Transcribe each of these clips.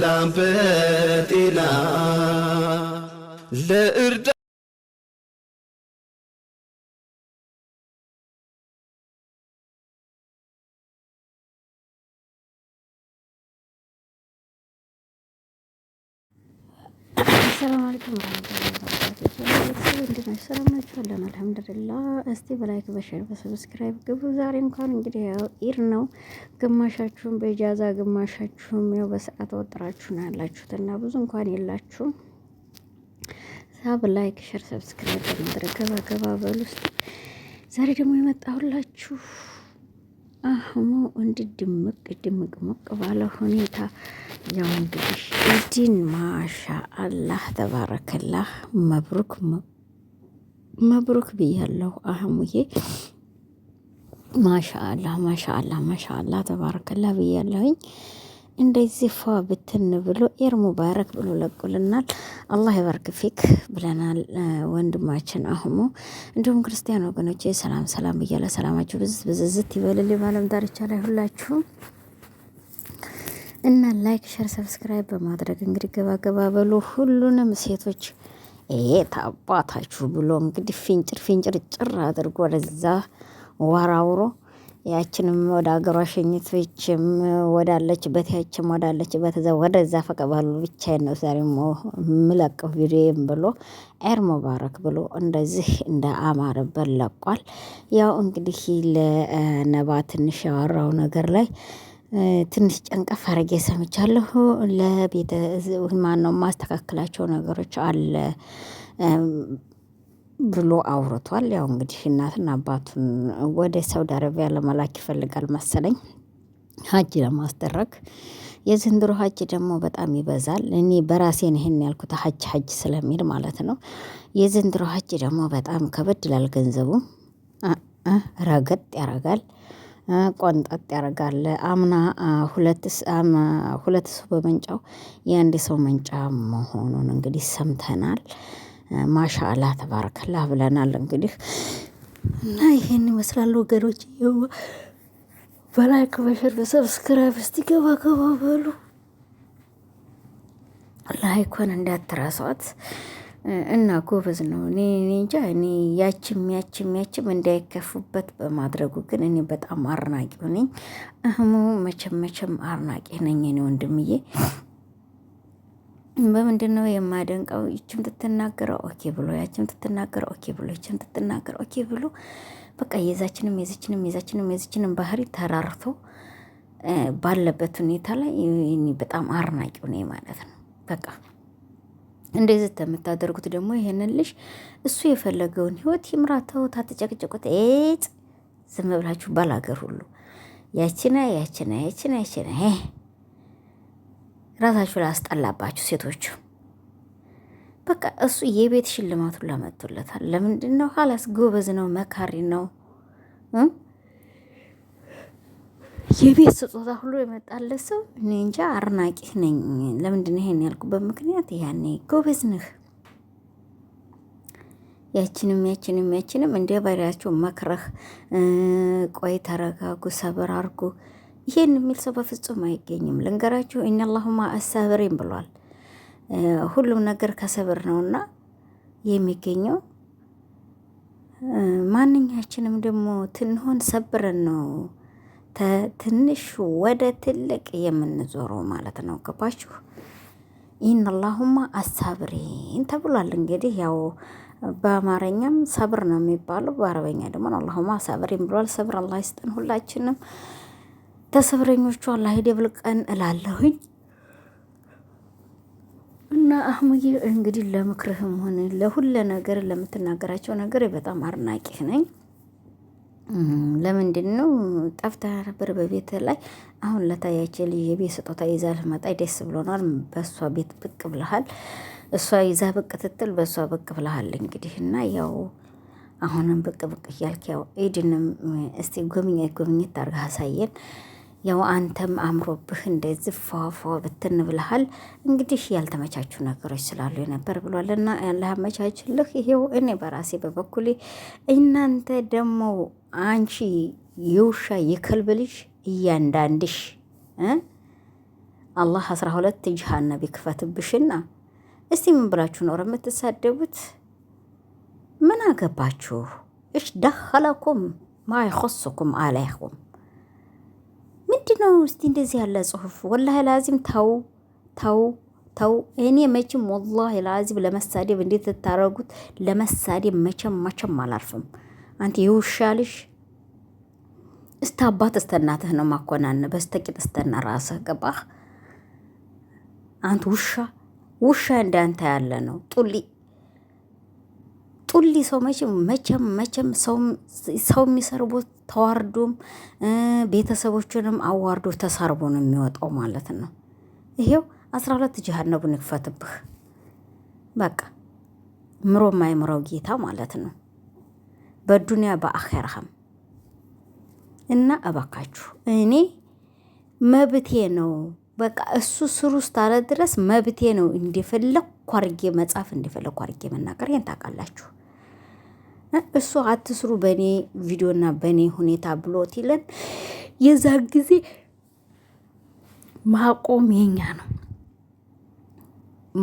ላበት ኢላ ለእርዳ ሰላም አለይኩም ናችሁ? ሰላም ናችኋለን? አልሐምዱሊላህ። እስቲ በላይክ በሼር በሰብስክራይብ ግቡ። ዛሬ እንኳን እንግዲህ ያው ኢድ ነው። ግማሻችሁም በኢጃዛ ግማሻችሁም ያው በሰዓት ወጥራችሁ ነው ያላችሁት እና ብዙ እንኳን የላችሁም። ሳብ ላይክ ሼር ሰብስክራይብ በማድረግ ገባ ገባ በሉ። ዛሬ ደግሞ የመጣሁላችሁ አህሙ እንዲህ ድምቅ ድምቅ ሞቅ ባለ ሁኔታ ያው እንግዲህ ኢድን ማሻ አላህ ተባረከላህ መብሩክ መብሩክ ብያለሁ አህሙዬ። ማሻአላ ማሻአላ ማሻአላ ተባረከላ ብያለሁኝ። እንደዚህ ፏ ብትን ብሎ ኤር ሙባረክ ብሎ ለቁልናል። አላህ ይባርክ ፊክ ብለናል ወንድማችን አህሙ። እንዲሁም ክርስቲያን ወገኖች ሰላም ሰላም ብያለ ሰላማችሁ ብዝ ብዝዝት ይበልል ባለም ዳርቻ ላይ ሁላችሁም እና ላይክ ሸር ሰብስክራይብ በማድረግ እንግዲህ ገባገባ በሉ ሁሉንም ሴቶች የት አባታችሁ ብሎ እንግዲህ ፊንጭር ፊንጭር ጭር አድርጎ ለዛ ወራውሮ ያችንም ወደ አገሯ ሸኝቶችም ወዳለችበት ያችም ወዳለችበት እዛ ወደዛ ፈቀባሉ ባሉ ብቻዬን ነው ዛሬ ምለቅ ቪዲዮም ብሎ ኤር ሙባረክ ብሎ እንደዚህ እንደ አማረበት ለቋል። ያው እንግዲህ ለነባ ትንሽ ያወራው ነገር ላይ ትንሽ ጨንቀፍ አድርጌ ሰምቻለሁ። ለቤተ ነው የማስተካክላቸው ነገሮች አለ ብሎ አውርቷል። ያው እንግዲህ እናትና አባቱን ወደ ሳውዲ አረቢያ ለመላክ ይፈልጋል መሰለኝ ሀጅ ለማስደረግ። የዘንድሮ ሀጅ ደግሞ በጣም ይበዛል። እኔ በራሴን ይህን ያልኩት ሀጅ ሀጅ ስለሚል ማለት ነው። የዘንድሮ ሀጅ ደግሞ በጣም ከበድ ይላል ገንዘቡ ረገጥ ያደርጋል። ቆንጠጥ ያደርጋል። አምና ሁለት ሰው በመንጫው የአንድ ሰው መንጫ መሆኑን እንግዲህ ሰምተናል። ማሻአላ ተባረከላ ብለናል። እንግዲህ እና ይሄን ይመስላል ወገኖቼ። በላይክ በሸር በሰብስክራይብ እስቲ ገባ ገባ በሉ። ላይኮን እንዳትረሷት። እና ጎበዝ ነው። እኔ እንጃ እኔ ያችም ያችም ያችም እንዳይከፉበት በማድረጉ ግን እኔ በጣም አርናቂ ነኝ። እህሙ መቼም መቼም አርናቂ ነኝ እኔ ወንድምዬ። በምንድን ነው የማደንቀው? ይችም ትትናገረው ኦኬ ብሎ ያችም ትትናገረው ኦኬ ብሎ ይችም ትትናገረው ኦኬ ብሎ በቃ የዛችንም የዚችንም የዛችንም የዚችንም ባህሪ ተራርቶ ባለበት ሁኔታ ላይ በጣም አርናቂ ነኝ ማለት ነው በቃ እንደዚህ የምታደርጉት ደግሞ ይሄንን ልጅ እሱ የፈለገውን ህይወት ይምራተው። ታተጨቅጨቁት ጥ ዝም ብላችሁ ባላገር ሁሉ ያችና ያችና ያችና ያችና ራሳችሁ ላይ አስጠላባችሁ ሴቶቹ። በቃ እሱ የቤት ሽልማቱን ላመጡለታል። ለምንድን ነው ኋላስ? ጎበዝ ነው፣ መካሪ ነው። የቤት ስጦታ ሁሉ የመጣለት ሰው እኔ እንጃ አድናቂህ ነኝ። ለምንድን ይሄን ያልኩበት ምክንያት ያኔ ጎበዝ ነህ፣ ያችንም ያችንም ያችንም እንደ ባሪያቸው መክረህ ቆይ ተረጋጉ፣ ሰብር አርጉ። ይሄን የሚል ሰው በፍጹም አይገኝም። ልንገራችሁ ኢነላሁማ አሳብሬም ብሏል። ሁሉም ነገር ከሰብር ነውና የሚገኘው ማንኛችንም ደግሞ ትንሆን ሰብረን ነው ትንሹ ወደ ትልቅ የምንዞረው ማለት ነው። ገባችሁ? ይህን አላሁማ አሳብሪን ተብሏል። እንግዲህ ያው በአማርኛም ሰብር ነው የሚባለው፣ በአረበኛ ደግሞ አላሁማ አሳብሪን ብሏል። ሰብር አላህ ይስጠን ሁላችንም። ተሰብረኞቹ አላህ ይደብልቀን እላለሁኝ። እና አህሙዬ እንግዲህ ለምክርህም ሆነ ለሁለ ነገር ለምትናገራቸው ነገር በጣም አድናቂህ ነኝ። ለምንድን ነው ጠፍተህ ነበር በቤት ላይ? አሁን ለታያቸው ልጅ የቤት ስጦታ ይዛ ልመጣ ደስ ብሎናል። በእሷ ቤት ብቅ ብለሃል። እሷ ይዛ ብቅ ትትል በእሷ ብቅ ብለሃል። እንግዲህ እና ያው አሁንም ብቅ ብቅ እያልክ ያው ኢድንም እስቲ ጎብኘት ጎብኘት አድርገህ አሳየን። ያው አንተም አምሮብህ እንደዚህ ፏፏ ብትን ብልሃል። እንግዲህ ያልተመቻቹ ነገሮች ስላሉ ነበር ብሏልና ያለመቻችልህ ይሄው። እኔ በራሴ በበኩሌ እናንተ ደግሞ አንቺ የውሻ የከልብ ልጅ እያንዳንድሽ አላህ አስራ ሁለት ጅሃና ቢክፈትብሽና እስቲ ምን ብላችሁ ኖር የምትሳደቡት? ምን አገባችሁ? እሽ ደኸለኩም ማይኮስኩም አላይኩም ምንድን ነው እስቲ እንደዚህ ያለ ጽሁፍ? ወላሂ ላዚም ተው ተው ተው። እኔ መቼም ወላሂ ላዚም ለመሳደብ እንዴት ትታረጉት? ለመሳደብ መቼም መቼም አላርፍም። አንተ የውሻልሽ እስተ አባት እስተ እናትህ ነው ማኮናን በስተቂጥ እስተና ራስህ ገባህ? አንተ ውሻ ውሻ እንዳንተ ያለ ነው ጡሊ ጡሊ ሰው መቼም መቼም መቼም ሰው የሚሰርቡት ተዋርዶም ቤተሰቦችንም አዋርዶ ተሳርቦ ነው የሚወጣው ማለት ነው። ይሄው አስራ ሁለት ጀሃነቡን ይክፈትብህ። በቃ ምሮ የማይምረው ጌታ ማለት ነው። በዱንያ በአኸራህም እና እባካችሁ እኔ መብቴ ነው። በቃ እሱ ስሩ እስካለ ድረስ መብቴ ነው። እንደፈለኩ አድርጌ መጻፍ እንደፈለኩ አድርጌ መናገር ይሄን ታውቃላችሁ። እሱ አትስሩ በእኔ ቪዲዮና በእኔ ሁኔታ ብሎት ይለን። የዛ ጊዜ ማቆም የኛ ነው።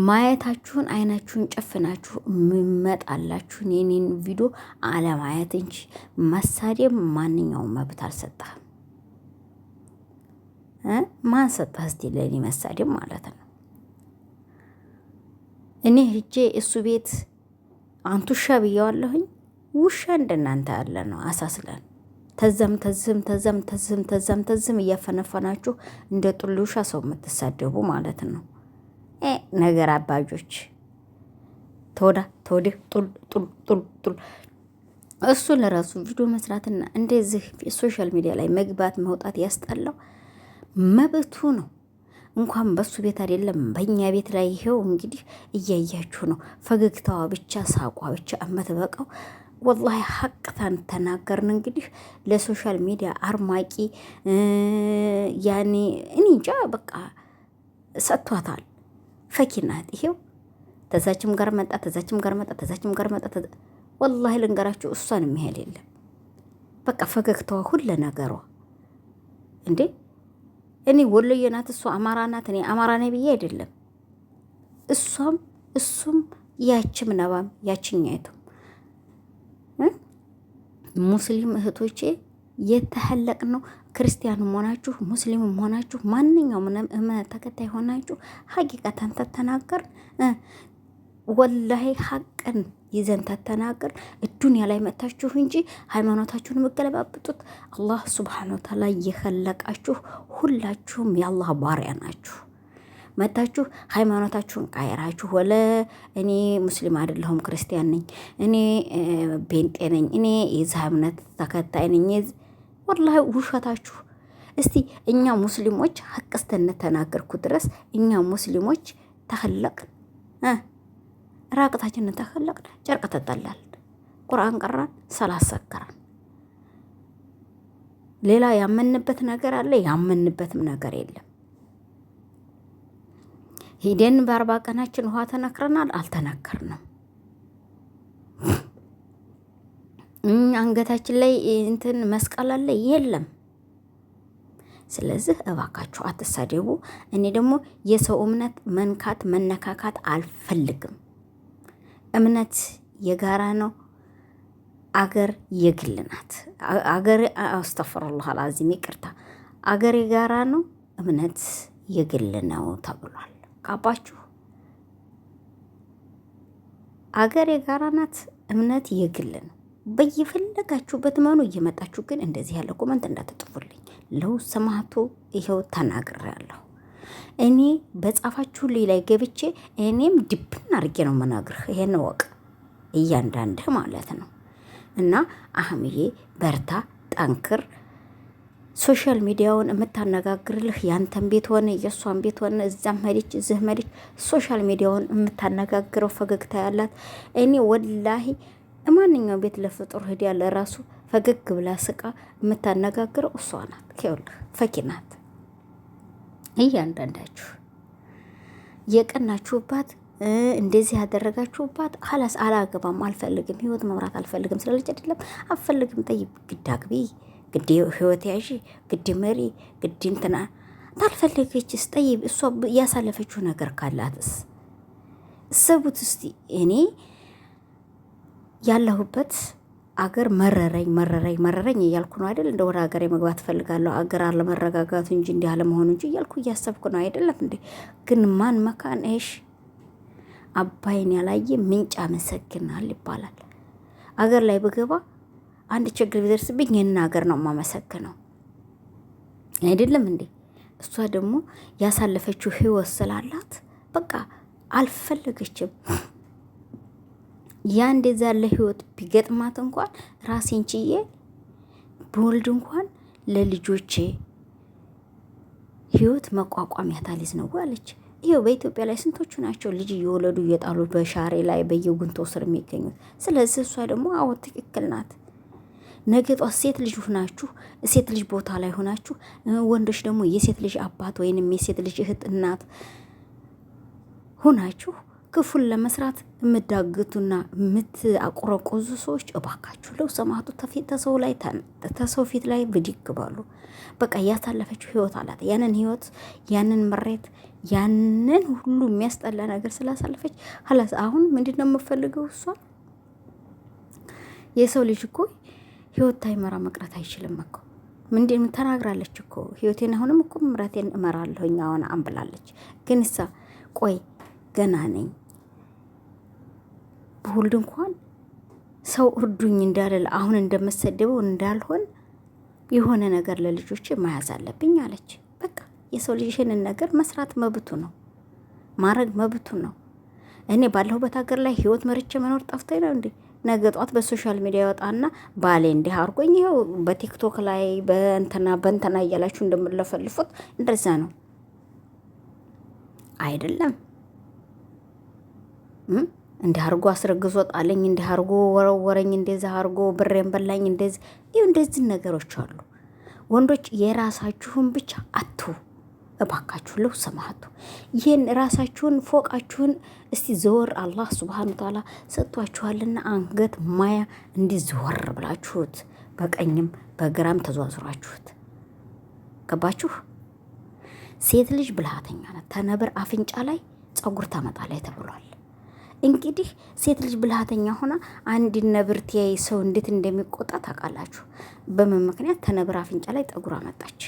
ማየታችሁን አይናችሁን ጨፍናችሁ የምመጣላችሁን የኔን ቪዲዮ አለማየት እንጂ መሳደብ ማንኛውም መብት አልሰጠህም። ማን ሰጠህ እስቲ ለእኔ መሳደብ ማለት ነው? እኔ ሂጄ እሱ ቤት አንቱሻ ብየዋለሁኝ። ውሻ እንደናንተ ያለ ነው አሳስለን ተዘም ተዝም ተዘም ተዝም ተዘም ተዝም እያፈነፈናችሁ እንደ ጡል ውሻ ሰው የምትሳደቡ ማለት ነው። ነገር አባጆች ተወዳ ተወዲህ ጡል ጡል እሱ ለራሱ ቪዲዮ መስራትና እንደዚህ ሶሻል ሚዲያ ላይ መግባት መውጣት ያስጠላው መብቱ ነው። እንኳን በሱ ቤት አይደለም በእኛ ቤት ላይ ይሄው እንግዲህ እያያችሁ ነው። ፈገግታዋ ብቻ ሳቋ ብቻ አመት በቃው ወላሂ ሀቅታን ተናገርን። እንግዲህ ለሶሻል ሚዲያ አርማቂ ያኔ እኔ እንጃ በቃ ሰጥቷታል። ፈኪናት ይሄው ተዛችም ጋር መጣ፣ ተዛችም ጋር መጣ፣ ተዛችም ጋር መጣ። ወላሂ ልንገራችሁ እሷን የሚሄድ የለም። በቃ ፈገግታዋ ሁለ ነገሯ እንዴ እኔ ወሎዬ ናት፣ እሷ አማራ ናት፣ እኔ አማራ ነኝ ብዬ አይደለም። እሷም እሱም ያችም ነባም ያችኛይቱ ሙስሊም እህቶቼ የተሐለቅ ነው። ክርስቲያን ሆናችሁ ሙስሊም ሆናችሁ ማንኛውም እምነት ተከታይ ሆናችሁ ሀቂቃተን ተተናገር ወላሂ ሀቅን ይዘን ተተናገር እዱንያ ላይ መታችሁ እንጂ ሃይማኖታችሁን የምገለባብጡት አላህ ስብሓን ወተዓላ የኸለቃችሁ ሁላችሁም የአላህ ባሪያ ናችሁ። መታችሁ ሃይማኖታችሁን ቃይራችሁ ወለ እኔ ሙስሊም አይደለሁም ክርስቲያን ነኝ፣ እኔ ቤንጤ ነኝ፣ እኔ የዚህ እምነት ተከታይ ነኝ። ወላሂ ውሸታችሁ። እስቲ እኛ ሙስሊሞች ሀቅ ተናገርኩ ድረስ እኛ ሙስሊሞች ተኸለቅን ራቅታችንን ተኸለቅን፣ ጨርቅ ተጠላል፣ ቁርአን ቀራን፣ ሰላት ሰከራን። ሌላ ያመንበት ነገር አለ? ያመንበትም ነገር የለም። ሂደን በአርባ ቀናችን ውሃ ተነክረናል አልተነከርንም። አንገታችን ላይ እንትን መስቀል አለ የለም። ስለዚህ እባካችሁ አትሳደቡ። እኔ ደግሞ የሰው እምነት መንካት መነካካት አልፈልግም። እምነት የጋራ ነው። አገር የግል ናት። አገር አስተፍሩላህ አልዓዚም ይቅርታ። አገር የጋራ ነው፣ እምነት የግል ነው ተብሏል። ቃባችሁ አገር የጋራ ናት፣ እምነት የግል ነው። በየፈለጋችሁበት መኑ እየመጣችሁ ግን እንደዚህ ያለ ኮመንት እንዳትጥፉልኝ። ሰማቱ ይኸው ተናግሬያለሁ። እኔ በጻፋችሁ ላይ ገብቼ እኔም ድብን አድርጌ ነው መናግርህ። ይሄን ወቅ እያንዳንድህ ማለት ነው እና አህምዬ በርታ፣ ጠንክር ሶሻል ሚዲያውን የምታነጋግርልህ ያንተን ቤት ሆነ የእሷን ቤት ሆነ እዛም መሪች እዚህ መሪች ሶሻል ሚዲያውን የምታነጋግረው ፈገግታ ያላት እኔ ወላሂ ማንኛውም ቤት ለፍጡር ህድ ያለ ራሱ ፈገግ ብላ ስቃ የምታነጋግረው እሷ ናት። ይኸውልህ ፈኪ ናት። እያንዳንዳችሁ የቀናችሁባት እንደዚህ ያደረጋችሁባት ሀላስ አላገባም፣ አልፈልግም፣ ህይወት መምራት አልፈልግም ስለልጭ አይደለም አልፈልግም፣ ጠይ ግዳግቢ ግዴ ህይወት ያዥ ግዴ መሪ ግዴ እንትና ታልፈለገችስ ጠይብ እሷ እያሳለፈችው ነገር ካላትስ እሰቡት እስቲ። እኔ ያለሁበት አገር መረረኝ መረረኝ መረረኝ እያልኩ ነው አይደል? እንደ ወደ ሀገር መግባት እፈልጋለሁ አገር አለመረጋጋቱ እንጂ እንዲህ አለመሆኑ እንጂ እያልኩ እያሰብኩ ነው አይደለም እንዴ? ግን ማን መካን እሽ አባይን ያላየ ምንጭ አመሰግናል ይባላል። አገር ላይ ብገባ አንድ ችግር ቢደርስብኝ ይህንን ሀገር ነው የማመሰግነው አይደለም እንዴ? እሷ ደግሞ ያሳለፈችው ህይወት ስላላት በቃ አልፈለገችም። ያ እንደዛ ያለ ህይወት ቢገጥማት እንኳን ራሴን ችዬ በወልድ እንኳን ለልጆቼ ህይወት መቋቋሚያ ያታሊዝ ነው አለች። ይኸው በኢትዮጵያ ላይ ስንቶቹ ናቸው ልጅ እየወለዱ እየጣሉ በሻሬ ላይ በየጉንቶ ስር የሚገኙት። ስለዚህ እሷ ደግሞ አዎ ትክክል ናት። ነገ ጧት ሴት ልጅ ሁናችሁ ሴት ልጅ ቦታ ላይ ሁናችሁ፣ ወንዶች ደግሞ የሴት ልጅ አባት ወይንም የሴት ልጅ እህት እናት ሁናችሁ ክፉን ለመስራት የምዳግቱና የምትአቆረቆዙ ሰዎች እባካችሁ ለው ሰማቱ ተሰው ላይ ተሰው ፊት ላይ ብድግ በቃ ያሳለፈችው ህይወት አላት። ያንን ህይወት ያንን ምሬት ያንን ሁሉ የሚያስጠላ ነገር ስላሳለፈች ሀላስ አሁን ምንድን ነው የምፈልገው እሷ የሰው ልጅ እኮ ህይወት ታይመራ መቅረት አይችልም እኮ ምንድን ተናግራለች እኮ ህይወቴን አሁንም እኮ መምራቴን እመራለሁ አሁን አንብላለች። ግን እሳ ቆይ ገና ነኝ ብሁልድ እንኳን ሰው እርዱኝ እንዳልል አሁን እንደመሰደበው እንዳልሆን የሆነ ነገር ለልጆች መያዝ አለብኝ አለች። በቃ የሰው ልጅሽንን ነገር መስራት መብቱ ነው፣ ማድረግ መብቱ ነው። እኔ ባለሁበት ሀገር ላይ ህይወት መርቼ መኖር ጠፍቶኝ ነው እንዴ? ነገ ጧት በሶሻል ሚዲያ ይወጣና ባሌ እንዲህ አድርጎኝ ይኸው በቲክቶክ ላይ በእንትና በእንትና እያላችሁ እንደምለፈልፉት እንደዛ ነው አይደለም። እንዲህ አድርጎ አስረግዞ ጣለኝ፣ እንዲህ አድርጎ ወረወረኝ፣ እንደዚህ አድርጎ ብሬን በላኝ፣ እንደዚህ እንደዚህ ነገሮች አሉ። ወንዶች የራሳችሁን ብቻ አትሁ እባካችሁ ለው ሰማቱ ይህን ራሳችሁን ፎቃችሁን እስቲ ዘወር አላህ ስብሓን ታላ ሰጥቷችኋልና አንገት ማያ እንዲህ ዘወር ብላችሁት በቀኝም በግራም ተዟዙራችሁት ገባችሁ። ሴት ልጅ ብልሃተኛ ናት። ተነብር አፍንጫ ላይ ጸጉር ላይ ተብሏል። እንግዲህ ሴት ልጅ ብልሃተኛ ሆና አንድ ነብር ትያይ ሰው እንዴት እንደሚቆጣ ታውቃላችሁ። በምን ምክንያት? ተነብር አፍንጫ ላይ ጠጉር አመጣች።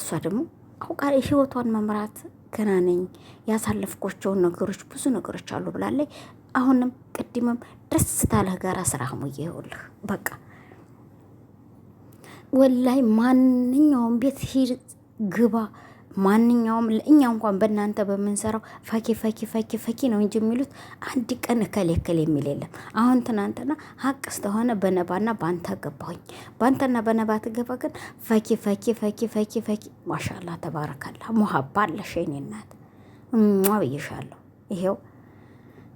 እሷ ደግሞ አውቃ ህይወቷን መምራት ገና ነኝ ያሳለፍኳቸውን ነገሮች ብዙ ነገሮች አሉ ብላለች። አሁንም ቅድምም ደስ ታለህ ጋር ስራ ሙዬ ይኸውልህ በቃ ወላይ ማንኛውም ቤት ሂድ ግባ ማንኛውም ለእኛ እንኳን በእናንተ በምንሰራው ፈኪ ፈኪ ፈኪ ፈኪ ነው እንጂ የሚሉት አንድ ቀን እከል እከል የሚል የለም። አሁን ትናንትና ሀቅ ስተሆነ በነባና በአንተ ገባሁኝ በአንተና በነባ ትገባ ግን ፈኪ ፈኪ ፈኪ ፈኪ ፈኪ ማሻላ ተባረካላ ሙሀባ አለሽ የኔ እናት እሟ ብዬሻለሁ። ይሄው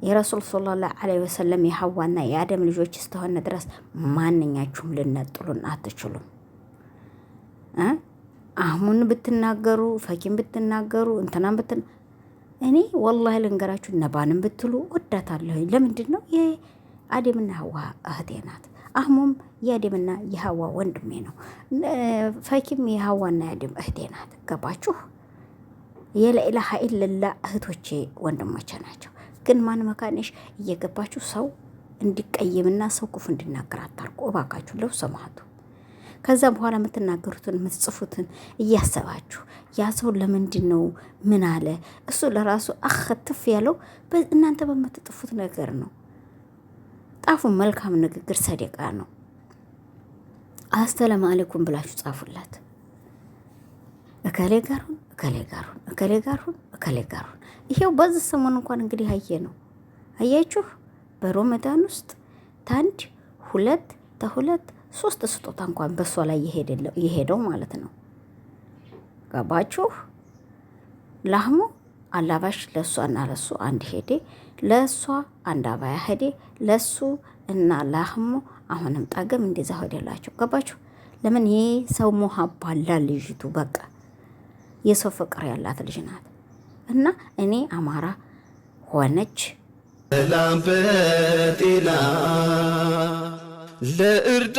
የረሱል ሰለላሁ ዐለይሂ ወሰለም የሀዋና የአደም ልጆች እስተሆነ ድረስ ማንኛችሁም ልነጥሉን አትችሉም። አህሙን ብትናገሩ ፈኪን ብትናገሩ እንትናም ብት እኔ ወላሂ ልንገራችሁ ነባንም ብትሉ ወዳታለሁ። ለምንድን ነው የአደምና ሀዋ እህቴ ናት። አህሙም የአደምና የሀዋ ወንድሜ ነው። ፈኪም የሀዋና የአደም እህቴ ናት። ገባችሁ? የለኢላ ሀይል ለላ እህቶቼ ወንድሞቼ ናቸው። ግን ማን መካንሽ እየገባችሁ ሰው እንዲቀይምና ሰው ክፉ እንዲናገር አታርቁ እባካችሁ ለው ሰማቱ ከዛ በኋላ የምትናገሩትን የምትጽፉትን እያሰባችሁ ያ ሰው ለምንድን ነው ምን አለ እሱ ለራሱ አኸትፍ ያለው እናንተ በምትጥፉት ነገር ነው። ጣፉ። መልካም ንግግር ሰደቃ ነው። አሰላሙ አለይኩም ብላችሁ ጻፉላት። እከሌ ጋሩን እከሌ ጋሩን እከሌ ጋሩን እከሌ ጋሩን። ይሄው በዚህ ሰሞን እንኳን እንግዲህ አየ ነው አያችሁ፣ በሮመዳን ውስጥ ታንድ ሁለት ተሁለት ሶስት ስጦታ እንኳን በእሷ ላይ የሄደው ማለት ነው። ገባችሁ? ላህሙ አላባሽ እና ለሱ አንድ ሄዴ፣ ለእሷ አንድ አባያ ሄዴ፣ ለሱ እና ላህሙ አሁንም ጣገም እንደዛ ሄደላቸው። ገባችሁ? ለምን ይሄ ሰው ሞሀባ አላት ልጅቱ። በቃ የሰው ፍቅር ያላት ልጅ ናት። እና እኔ አማራ ሆነች ላምበጤና ለእርዳ